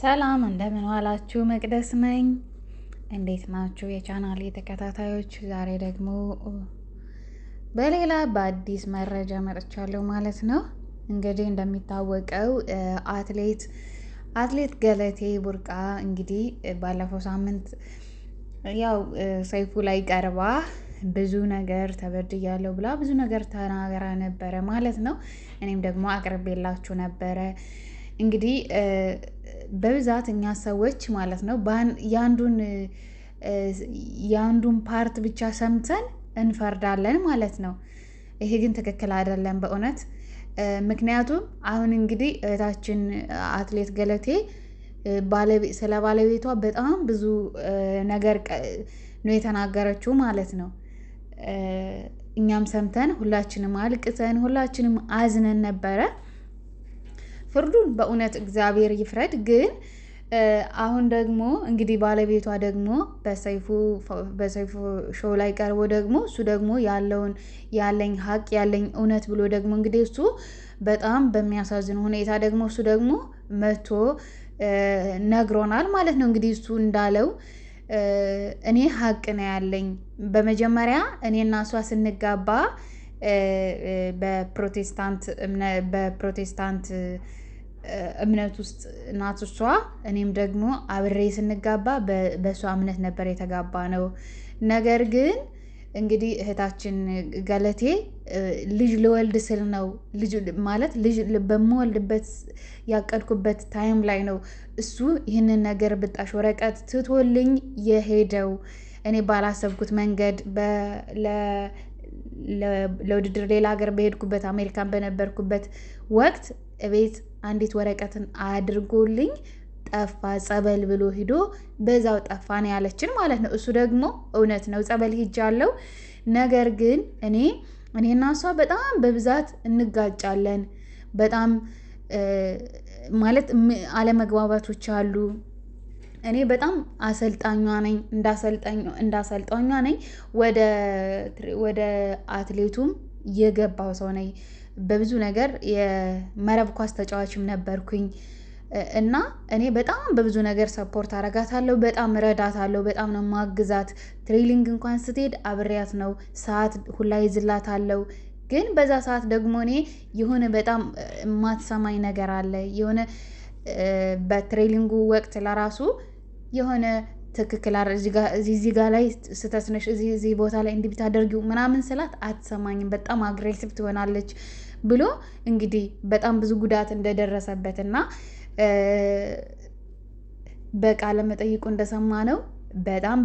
ሰላም እንደምን ዋላችሁ። መቅደስ ነኝ። እንዴት ናችሁ የቻናሌ ተከታታዮች? ዛሬ ደግሞ በሌላ በአዲስ መረጃ መጥቻለሁ ማለት ነው። እንግዲህ እንደሚታወቀው አትሌት አትሌት ገለቴ ቡርቃ እንግዲህ ባለፈው ሳምንት ያው ሰይፉ ላይ ቀርባ ብዙ ነገር ተበድያለሁ ብላ ብዙ ነገር ተናገራ ነበረ ማለት ነው። እኔም ደግሞ አቅርቤላችሁ ነበረ እንግዲህ በብዛት እኛ ሰዎች ማለት ነው የአንዱን የአንዱን ፓርት ብቻ ሰምተን እንፈርዳለን ማለት ነው። ይሄ ግን ትክክል አይደለም በእውነት ምክንያቱም አሁን እንግዲህ እህታችን አትሌት ገለቴ ስለ ባለቤቷ በጣም ብዙ ነገር ነው የተናገረችው ማለት ነው። እኛም ሰምተን ሁላችንም አልቅሰን ሁላችንም አዝነን ነበረ። ፍርዱን በእውነት እግዚአብሔር ይፍረድ። ግን አሁን ደግሞ እንግዲህ ባለቤቷ ደግሞ በሰይፉ በሰይፉ ሾው ላይ ቀርቦ ደግሞ እሱ ደግሞ ያለውን ያለኝ ሀቅ ያለኝ እውነት ብሎ ደግሞ እንግዲህ እሱ በጣም በሚያሳዝን ሁኔታ ደግሞ እሱ ደግሞ መቶ ነግሮናል ማለት ነው። እንግዲህ እሱ እንዳለው እኔ ሀቅ ነው ያለኝ። በመጀመሪያ እኔና እሷ ስንጋባ በፕሮቴስታንት በፕሮቴስታንት እምነት ውስጥ ናት እሷ። እኔም ደግሞ አብሬ ስንጋባ በእሷ እምነት ነበር የተጋባ ነው። ነገር ግን እንግዲህ እህታችን ገለቴ ልጅ ልወልድ ስል ነው ልጅ ማለት ልጅ በምወልድበት ያቀድኩበት ታይም ላይ ነው እሱ ይህንን ነገር ብጣሽ ወረቀት ትቶልኝ የሄደው። እኔ ባላሰብኩት መንገድ ለውድድር ሌላ ሀገር በሄድኩበት አሜሪካን በነበርኩበት ወቅት እቤት አንዲት ወረቀትን አድርጎልኝ ጠፋ ጸበል ብሎ ሂዶ በዛው ጠፋ ነው ያለችን ማለት ነው። እሱ ደግሞ እውነት ነው ጸበል ሂጃለው፣ ነገር ግን እኔ እኔና እሷ በጣም በብዛት እንጋጫለን። በጣም ማለት አለመግባባቶች አሉ። እኔ በጣም አሰልጣኛ ነኝ እንዳሰልጣኛ ነኝ። ወደ አትሌቱም የገባው ሰው ነኝ። በብዙ ነገር የመረብ ኳስ ተጫዋችም ነበርኩኝ እና እኔ በጣም በብዙ ነገር ሰፖርት አረጋታለሁ። በጣም እረዳታለሁ። በጣም ነው ማግዛት። ትሬሊንግ እንኳን ስትሄድ አብሬያት ነው ሰዓት ሁላ ይዝላታለሁ። ግን በዛ ሰዓት ደግሞ እኔ የሆነ በጣም የማትሰማኝ ነገር አለ። የሆነ በትሬሊንጉ ወቅት ለራሱ የሆነ ትክክል እዚህ ጋ ላይ ስተት ነሽ፣ እዚህ ቦታ ላይ እንዲህ ብታደርጊው ምናምን ስላት አትሰማኝም። በጣም አግሬሲቭ ትሆናለች። ብሎ እንግዲህ በጣም ብዙ ጉዳት እንደደረሰበት እና በቃለ መጠይቁ እንደሰማ ነው በጣም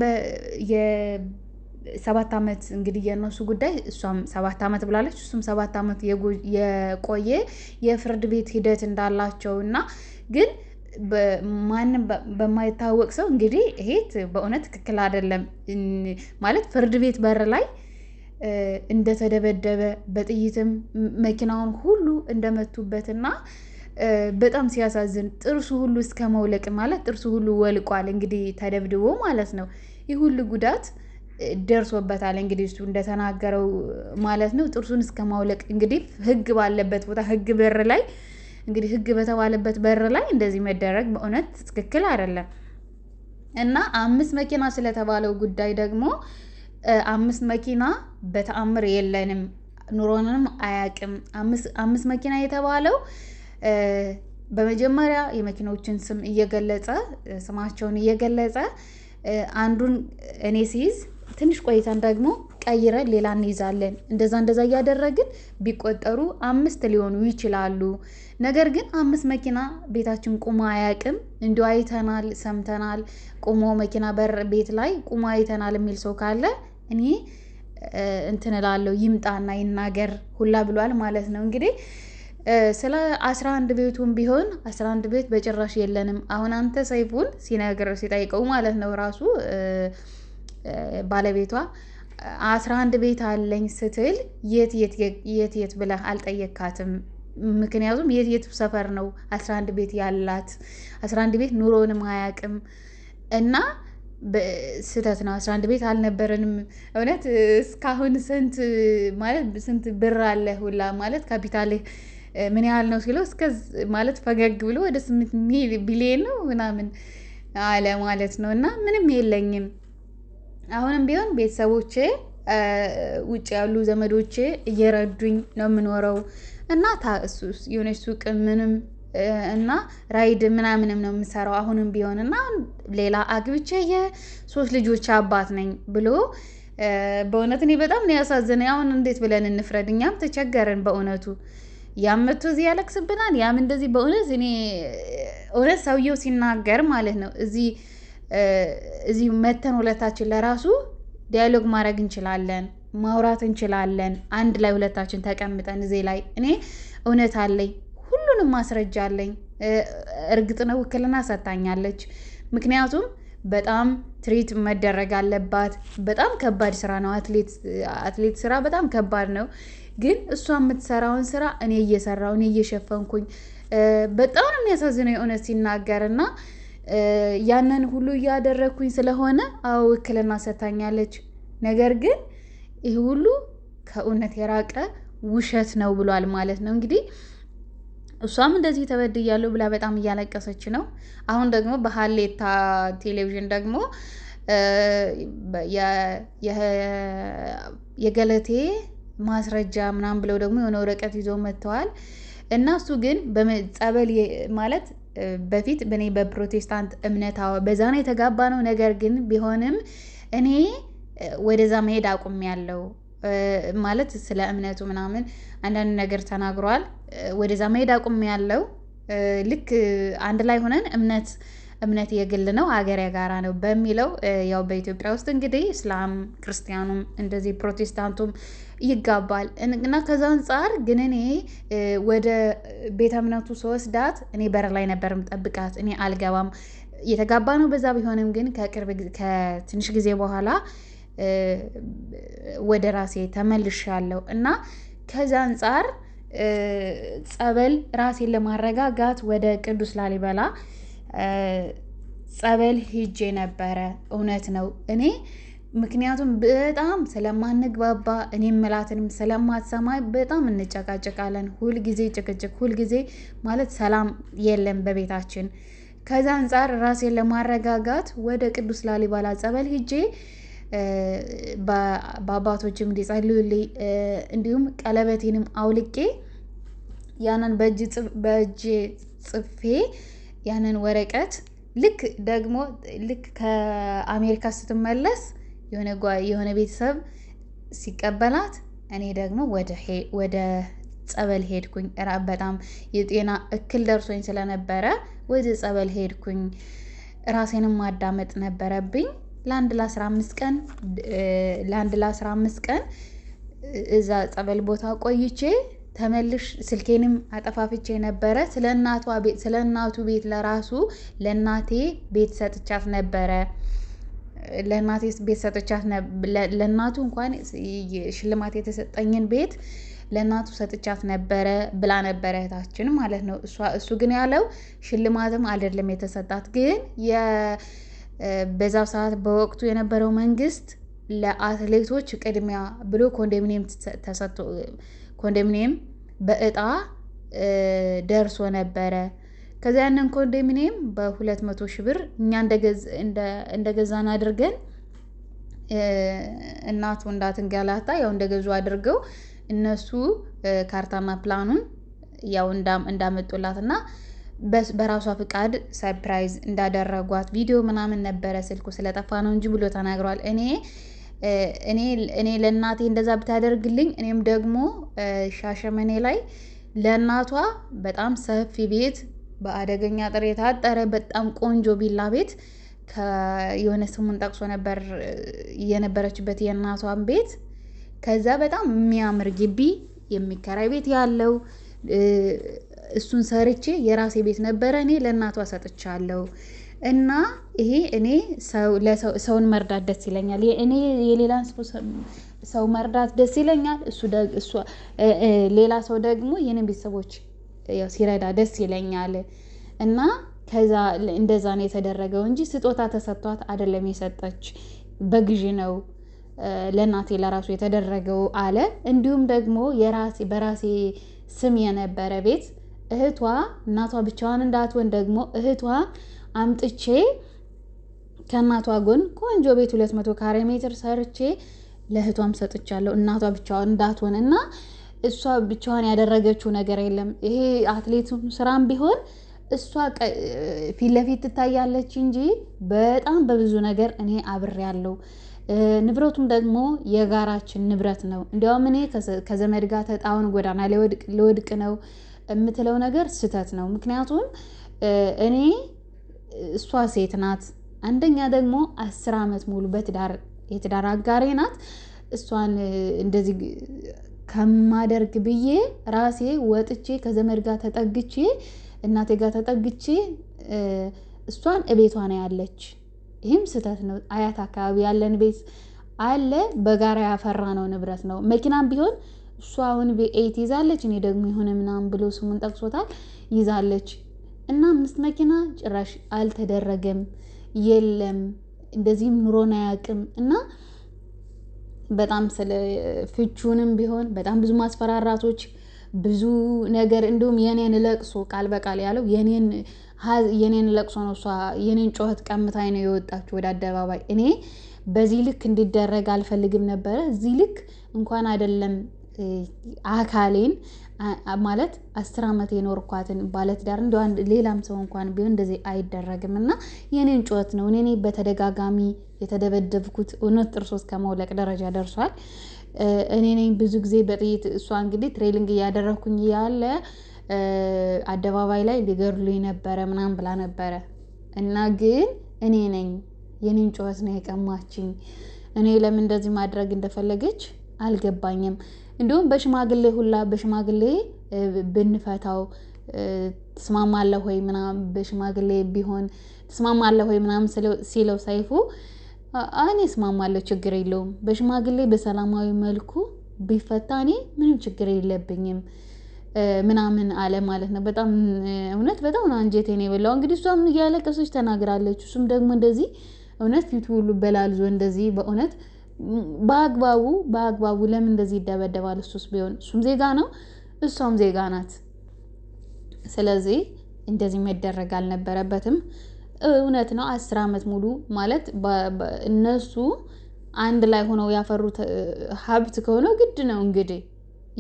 ሰባት ዓመት እንግዲህ የእነሱ ጉዳይ እሷም ሰባት ዓመት ብላለች፣ እሱም ሰባት ዓመት የቆየ የፍርድ ቤት ሂደት እንዳላቸው እና ግን ማንም በማይታወቅ ሰው እንግዲህ ይሄት በእውነት ትክክል አይደለም ማለት ፍርድ ቤት በር ላይ እንደተደበደበ በጥይትም መኪናውን ሁሉ እንደመቱበትና በጣም ሲያሳዝን ጥርሱ ሁሉ እስከ መውለቅ ማለት ጥርሱ ሁሉ ወልቋል። እንግዲህ ተደብድቦ ማለት ነው። ይህ ሁሉ ጉዳት ደርሶበታል። እንግዲህ እሱ እንደተናገረው ማለት ነው። ጥርሱን እስከ ማውለቅ እንግዲህ ሕግ ባለበት ቦታ ሕግ በር ላይ እንግዲህ ሕግ በተባለበት በር ላይ እንደዚህ መደረግ በእውነት ትክክል አይደለም እና አምስት መኪና ስለተባለው ጉዳይ ደግሞ አምስት መኪና በተአምር የለንም፣ ኑሮንም አያቅም። አምስት መኪና የተባለው በመጀመሪያ የመኪናዎችን ስም እየገለጸ ስማቸውን እየገለጸ አንዱን እኔ ሲይዝ ትንሽ ቆይተን ደግሞ ቀይረን ሌላ እንይዛለን። እንደዛ እንደዛ እያደረግን ቢቆጠሩ አምስት ሊሆኑ ይችላሉ። ነገር ግን አምስት መኪና ቤታችን ቁሞ አያውቅም። እንዲሁ አይተናል፣ ሰምተናል። ቁሞ መኪና በር ቤት ላይ ቁሞ አይተናል የሚል ሰው ካለ እኔ እንትን እላለሁ ይምጣና ይናገር ሁላ ብሏል ማለት ነው እንግዲህ ስለ አስራ አንድ ቤቱም ቢሆን አስራ አንድ ቤት በጭራሽ የለንም። አሁን አንተ ሰይፉን ሲነግር ሲጠይቀው ማለት ነው ራሱ ባለቤቷ አስራ አንድ ቤት አለኝ ስትል የት የት የት ብለህ አልጠየካትም። ምክንያቱም የት የት ሰፈር ነው አስራ አንድ ቤት ያላት? አስራ አንድ ቤት ኑሮንም አያውቅም እና ስህተት ነው። አስራ አንድ ቤት አልነበረንም። እውነት እስካሁን ስንት ማለት ስንት ብር አለ ሁላ ማለት ካፒታል ምን ያህል ነው ሲለው እስከ ማለት ፈገግ ብሎ ወደ ስምንት ቢሊየን ነው ምናምን አለ ማለት ነው። እና ምንም የለኝም አሁንም ቢሆን ቤተሰቦቼ ውጭ ያሉ ዘመዶቼ እየረዱኝ ነው የምኖረው እና ታ የሆነች ሱቅ ምንም እና ራይድ ምናምንም ነው የምሰራው አሁንም ቢሆን እና ሌላ አግብቼ የሶስት ልጆች አባት ነኝ ብሎ በእውነት እኔ በጣም ነው ያሳዘነ። አሁን እንዴት ብለን እንፍረድ? እኛም ተቸገረን በእውነቱ። ያም መቶ እዚህ ያለቅስብናል፣ ያም እንደዚህ። በእውነት እኔ እውነት ሰውየው ሲናገር ማለት ነው እዚህ እዚህ መተን ሁለታችን ለራሱ ዲያሎግ ማድረግ እንችላለን፣ ማውራት እንችላለን። አንድ ላይ ሁለታችን ተቀምጠን እዚህ ላይ እኔ እውነት አለኝ ሁሉንም ማስረጃ አለኝ። እርግጥ ነው ውክልና ሰታኛለች። ምክንያቱም በጣም ትሪት መደረግ አለባት። በጣም ከባድ ስራ ነው። አትሌት ስራ በጣም ከባድ ነው። ግን እሷ የምትሰራውን ስራ እኔ እየሰራው እኔ እየሸፈንኩኝ በጣም የሚያሳዝነው የእውነት ሲናገር እና ያንን ሁሉ እያደረግኩኝ ስለሆነ አዎ ውክልና ሰታኛለች። ነገር ግን ይህ ሁሉ ከእውነት የራቀ ውሸት ነው ብሏል ማለት ነው እንግዲህ እሷም እንደዚህ ተበድያለሁ ብላ በጣም እያለቀሰች ነው። አሁን ደግሞ በሀሌታ ቴሌቪዥን ደግሞ የገለቴ ማስረጃ ምናምን ብለው ደግሞ የሆነ ወረቀት ይዞ መጥተዋል። እና እሱ ግን ጸበል ማለት በፊት በእኔ በፕሮቴስታንት እምነት በዛ ነው የተጋባ ነው። ነገር ግን ቢሆንም እኔ ወደዛ መሄድ አቁሜያለሁ ማለት ስለ እምነቱ ምናምን አንዳንድ ነገር ተናግሯል። ወደዛ መሄድ አቁም ያለው ልክ አንድ ላይ ሆነን እምነት እምነት የግል ነው ሀገር የጋራ ነው በሚለው ያው በኢትዮጵያ ውስጥ እንግዲህ እስላም ክርስቲያኑም እንደዚህ ፕሮቴስታንቱም ይጋባል እና ከዛ አንጻር ግን እኔ ወደ ቤተ እምነቱ ስወስዳት እኔ በር ላይ ነበርም ጠብቃት እኔ አልገባም የተጋባ ነው በዛ ቢሆንም ግን ከቅርብ ከትንሽ ጊዜ በኋላ ወደ ራሴ ተመልሻለሁ እና ከዛ አንጻር ጸበል ራሴን ለማረጋጋት ወደ ቅዱስ ላሊበላ ጸበል ሂጄ ነበረ። እውነት ነው እኔ ምክንያቱም በጣም ስለማንግባባ እኔ ምላትንም ስለማትሰማይ በጣም እንጨቃጨቃለን። ሁልጊዜ ጭቅጭቅ፣ ሁልጊዜ ማለት ሰላም የለም በቤታችን። ከዛ አንጻር ራሴን ለማረጋጋት ወደ ቅዱስ ላሊበላ ጸበል ሂጄ በአባቶችም እንዲጸልዩልኝ እንዲሁም ቀለበቴንም አውልቄ ያንን በእጅ ጽፌ ያንን ወረቀት ልክ ደግሞ ልክ ከአሜሪካ ስትመለስ የሆነ የሆነ ቤተሰብ ሲቀበላት እኔ ደግሞ ወደ ጸበል ሄድኩኝ። በጣም የጤና እክል ደርሶኝ ስለነበረ ወደ ጸበል ሄድኩኝ። ራሴንም ማዳመጥ ነበረብኝ። ለአንድ ለ15 ቀን ለአንድ ለ15 ቀን እዛ ጸበል ቦታ ቆይቼ ተመልሽ ስልኬንም አጠፋፍቼ ነበረ። ስለ እናቷ ቤት ስለ እናቱ ቤት ለራሱ ለእናቴ ቤት ሰጥቻት ነበረ። ለእናቴ ቤት ሰጥቻት ለእናቱ እንኳን ሽልማት የተሰጠኝን ቤት ለእናቱ ሰጥቻት ነበረ ብላ ነበረ እህታችን ማለት ነው። እሱ ግን ያለው ሽልማትም አይደለም የተሰጣት ግን በዛ ሰዓት በወቅቱ የነበረው መንግስት ለአትሌቶች ቅድሚያ ብሎ ኮንዶሚኒየም ተሰጥቶ ኮንዶሚኒየም በእጣ ደርሶ ነበረ። ከዚያ ያንን ኮንዶሚኒየም በ200 ሺህ ብር እኛ እንደገዛን አድርገን እናት ወንዳትን እንዳትንገላታ ያው እንደገዙ አድርገው እነሱ ካርታና ፕላኑን ያው እንዳመጡላት እና በራሷ ፍቃድ ሰርፕራይዝ እንዳደረጓት ቪዲዮ ምናምን ነበረ ስልኩ ስለጠፋ ነው እንጂ ብሎ ተናግሯል። እኔ እኔ ለእናቴ እንደዛ ብታደርግልኝ እኔም ደግሞ ሻሸመኔ ላይ ለእናቷ በጣም ሰፊ ቤት በአደገኛ አጥር የታጠረ በጣም ቆንጆ ቢላ ቤት የሆነ ስሙን ጠቅሶ ነበር የነበረችበት የእናቷን ቤት ከዛ በጣም የሚያምር ግቢ የሚከራይ ቤት ያለው እሱን ሰርቼ የራሴ ቤት ነበረ እኔ ለእናቷ ሰጥቻለሁ። እና ይሄ እኔ ሰውን መርዳት ደስ ይለኛል። እኔ የሌላን ሰው መርዳት ደስ ይለኛል። እሱ ሌላ ሰው ደግሞ ይህንን ቤተሰቦች ሲረዳ ደስ ይለኛል እና ከዛ እንደዛ ነው የተደረገው እንጂ ስጦታ ተሰጥቷት አይደለም የሰጠች በግዥ ነው ለእናቴ ለራሱ የተደረገው አለ። እንዲሁም ደግሞ የራሴ በራሴ ስም የነበረ ቤት እህቷ እናቷ ብቻዋን እንዳትሆን ደግሞ እህቷ አምጥቼ ከእናቷ ጎን ቆንጆ ቤት ሁለት መቶ ካሬ ሜትር ሰርቼ ለእህቷም ሰጥቻለሁ። እናቷ ብቻዋን እንዳትሆን እና እሷ ብቻዋን ያደረገችው ነገር የለም። ይሄ አትሌቱ ስራም ቢሆን እሷ ፊት ለፊት ትታያለች እንጂ በጣም በብዙ ነገር እኔ አብሬያለሁ። ንብረቱም ደግሞ የጋራችን ንብረት ነው። እንዲያውም እኔ ከዘመድ ጋር ተጣውን ጎዳና ልወድቅ ነው የምትለው ነገር ስህተት ነው። ምክንያቱም እኔ እሷ ሴት ናት፣ አንደኛ ደግሞ አስር ዓመት ሙሉ በትዳር የትዳር አጋሬ ናት። እሷን እንደዚህ ከማደርግ ብዬ ራሴ ወጥቼ ከዘመድ ጋር ተጠግቼ እናቴ ጋር ተጠግቼ እሷን እቤቷ ነው ያለች። ይህም ስህተት ነው። አያት አካባቢ ያለን ቤት አለ፣ በጋራ ያፈራ ነው ንብረት ነው። መኪናም ቢሆን እሷ አሁን ኤይት ይዛለች፣ እኔ ደግሞ የሆነ ምናምን ብሎ ስሙን ጠቅሶታል ይዛለች። እና አምስት መኪና ጭራሽ አልተደረገም የለም እንደዚህም ኑሮን አያውቅም። እና በጣም ስለ ፍቹንም ቢሆን በጣም ብዙ ማስፈራራቶች ብዙ ነገር እንዲሁም የኔን ለቅሶ ቃል በቃል ያለው የኔን ለቅሶ ነው። እሷ የኔን ጩኸት ቀምታኝ ነው የወጣችው ወደ አደባባይ። እኔ በዚህ ልክ እንዲደረግ አልፈልግም ነበረ። እዚህ ልክ እንኳን አይደለም አካሌን ማለት አስር ዓመት የኖርኳትን ባለትዳር እንደ ሌላም ሰው እንኳን ቢሆን እንደዚህ አይደረግም እና የኔን ጩኸት ነው እኔ በተደጋጋሚ የተደበደብኩት እውነት ጥርሶ ከመውለቅ ደረጃ ደርሷል። እኔ ነኝ ብዙ ጊዜ በጥይት እሷ እንግዲህ ትሬሊንግ እያደረኩኝ ያለ አደባባይ ላይ ሊገድሉኝ ነበረ ምናምን ብላ ነበረ እና ግን እኔ ነኝ የኔን ጩኸት ነው የቀማችኝ። እኔ ለምን እንደዚህ ማድረግ እንደፈለገች አልገባኝም። እንዲሁም በሽማግሌ ሁላ በሽማግሌ ብንፈታው ትስማማለህ ወይ ምናምን በሽማግሌ ቢሆን ትስማማለህ ወይ ምናምን ሲለው ሰይፉ እኔ እስማማለሁ ችግር የለውም በሽማግሌ በሰላማዊ መልኩ ቢፈታ እኔ ምንም ችግር የለብኝም ምናምን አለ ማለት ነው። በጣም እውነት በጣም ነው የበላው። እንግዲህ እሷም እያለቀሰች ተናግራለች እሱም ደግሞ እንደዚህ እውነት ፊቱ ሁሉ በላልዞ እንደዚህ በእውነት በአግባቡ በአግባቡ ለምን እንደዚህ ይደበደባል? እሱስ ቢሆን እሱም ዜጋ ነው፣ እሷም ዜጋ ናት። ስለዚህ እንደዚህ መደረግ አልነበረበትም። እውነት ነው። አስር ዓመት ሙሉ ማለት እነሱ አንድ ላይ ሆነው ያፈሩት ሀብት ከሆነ ግድ ነው እንግዲህ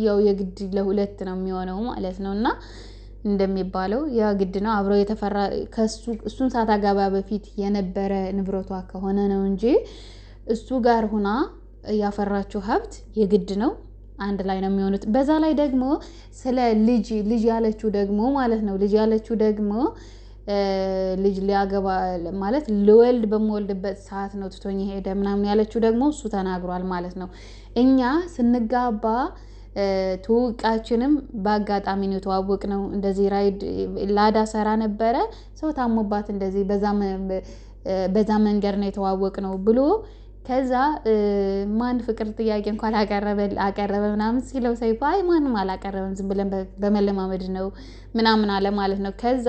ያው የግድ ለሁለት ነው የሚሆነው ማለት ነው እና እንደሚባለው ያ ግድ ነው። አብረው የተፈራ ከእሱን ሳታገባ በፊት የነበረ ንብረቷ ከሆነ ነው እንጂ እሱ ጋር ሁና ያፈራችው ሀብት የግድ ነው አንድ ላይ ነው የሚሆኑት። በዛ ላይ ደግሞ ስለ ልጅ ልጅ ያለችው ደግሞ ማለት ነው ልጅ ያለችው ደግሞ ልጅ ሊያገባ ማለት ልወልድ በምወልድበት ሰዓት ነው ትቶኝ ሄደ ምናምን ያለችው ደግሞ እሱ ተናግሯል ማለት ነው። እኛ ስንጋባ ትውቃችንም በአጋጣሚ ነው የተዋወቅ ነው። እንደዚህ ራይድ ላዳ ሰራ ነበረ ሰው ታሞባት እንደዚህ በዛ መንገድ ነው የተዋወቅ ነው ብሎ ከዛ ማን ፍቅር ጥያቄ እንኳን አቀረበ ምናምን ሲለው ሰይፉ አይ ማንም አላቀረበም ዝም ብለን በመለማመድ ነው ምናምን አለ ማለት ነው። ከዛ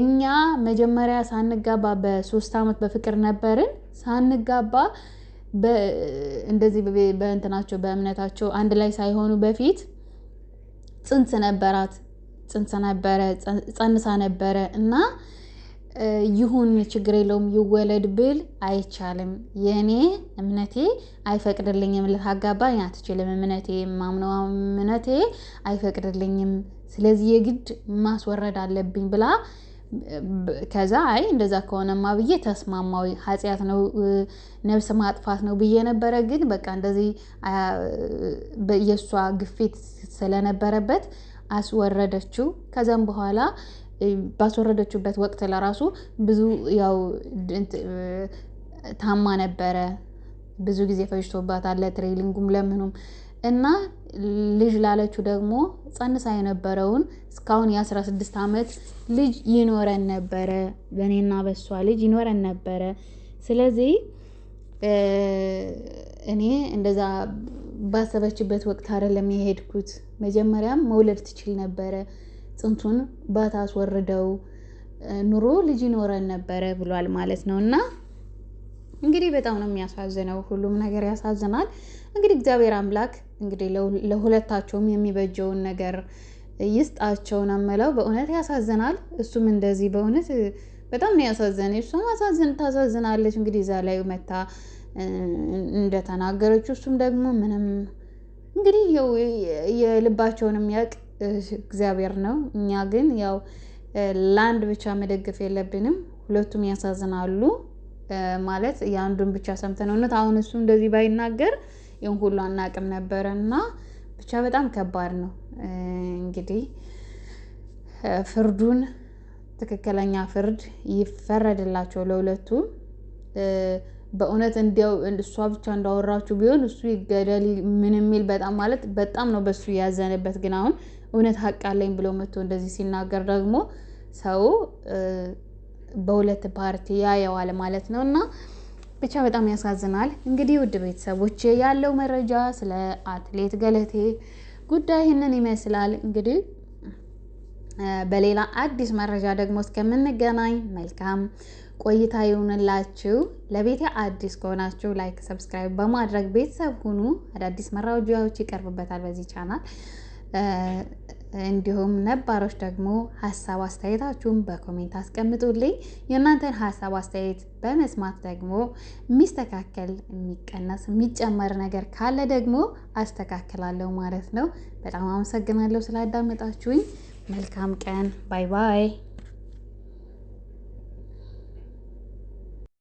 እኛ መጀመሪያ ሳንጋባ በሶስት ዓመት በፍቅር ነበርን። ሳንጋባ እንደዚህ በእንትናቸው በእምነታቸው አንድ ላይ ሳይሆኑ በፊት ጽንስ ነበራት፣ ጽንስ ነበረ፣ ጸንሳ ነበረ እና ይሁን ችግር የለውም ይወለድ ብል አይቻልም። የእኔ እምነቴ አይፈቅድልኝም ልታጋባኝ አትችልም። እምነቴ ማምነው እምነቴ አይፈቅድልኝም። ስለዚህ የግድ ማስወረድ አለብኝ ብላ ከዛ አይ እንደዛ ከሆነማ ብዬ ተስማማው። ኃጢአት ነው ነብስ ማጥፋት ነው ብዬ ነበረ። ግን በቃ እንደዚህ የእሷ ግፊት ስለነበረበት አስወረደችው። ከዛም በኋላ ባስወረደችበት ወቅት ለራሱ ብዙ ያው ታማ ነበረ። ብዙ ጊዜ ፈጅቶባታል ለትሬሊንጉም ለምኑም እና ልጅ ላለችው ደግሞ ጸንሳ የነበረውን እስካሁን የ16 ዓመት ልጅ ይኖረን ነበረ፣ በእኔና በሷ ልጅ ይኖረን ነበረ። ስለዚህ እኔ እንደዛ ባሰበችበት ወቅት አይደለም የሄድኩት። መጀመሪያም መውለድ ትችል ነበረ። ጽንሱን ባታስወርደው ኑሮ ልጅ ይኖረን ነበረ ብሏል ማለት ነው እና እንግዲህ በጣም ነው የሚያሳዝነው። ሁሉም ነገር ያሳዝናል። እንግዲህ እግዚአብሔር አምላክ እንግዲህ ለሁለታቸውም የሚበጀውን ነገር ይስጣቸው ነው የምለው። በእውነት ያሳዝናል። እሱም እንደዚህ በእውነት በጣም ነው ያሳዘነ። እሱም አሳዝን ታሳዝናለች። እንግዲህ እዛ ላይ መታ እንደተናገረች እሱም ደግሞ ምንም እንግዲህ የልባቸውን የሚያውቅ እግዚአብሔር ነው። እኛ ግን ያው ለአንድ ብቻ መደገፍ የለብንም። ሁለቱም ያሳዝናሉ ማለት የአንዱን ብቻ ሰምተን እውነት አሁን እሱ እንደዚህ ባይናገር ይህን ሁሉ አናቅም ነበረ እና ብቻ በጣም ከባድ ነው። እንግዲህ ፍርዱን ትክክለኛ ፍርድ ይፈረድላቸው ለሁለቱም። በእውነት እንዲያው እሷ ብቻ እንዳወራችሁ ቢሆን እሱ ይገደል ምን የሚል በጣም ማለት በጣም ነው በሱ ያዘነበት ግን አሁን እውነት ሀቅ አለኝ ብሎ መጥቶ እንደዚህ ሲናገር ደግሞ ሰው በሁለት ፓርቲ ያየዋል ማለት ነው እና ብቻ በጣም ያሳዝናል። እንግዲህ ውድ ቤተሰቦች ያለው መረጃ ስለ አትሌት ገለቴ ጉዳይ ይህንን ይመስላል። እንግዲህ በሌላ አዲስ መረጃ ደግሞ እስከምንገናኝ መልካም ቆይታ ይሁንላችሁ። ለቤቴ አዲስ ከሆናችሁ ላይክ፣ ሰብስክራይብ በማድረግ ቤተሰብ ሁኑ። አዳዲስ መረጃዎች ይቀርብበታል በዚህ ቻናል። እንዲሁም ነባሮች ደግሞ ሀሳብ አስተያየታችሁን በኮሜንት አስቀምጡልኝ። የእናንተን ሀሳብ አስተያየት በመስማት ደግሞ የሚስተካከል የሚቀነስ፣ የሚጨመር ነገር ካለ ደግሞ አስተካክላለሁ ማለት ነው። በጣም አመሰግናለሁ ስላዳመጣችሁኝ። መልካም ቀን። ባይ ባይ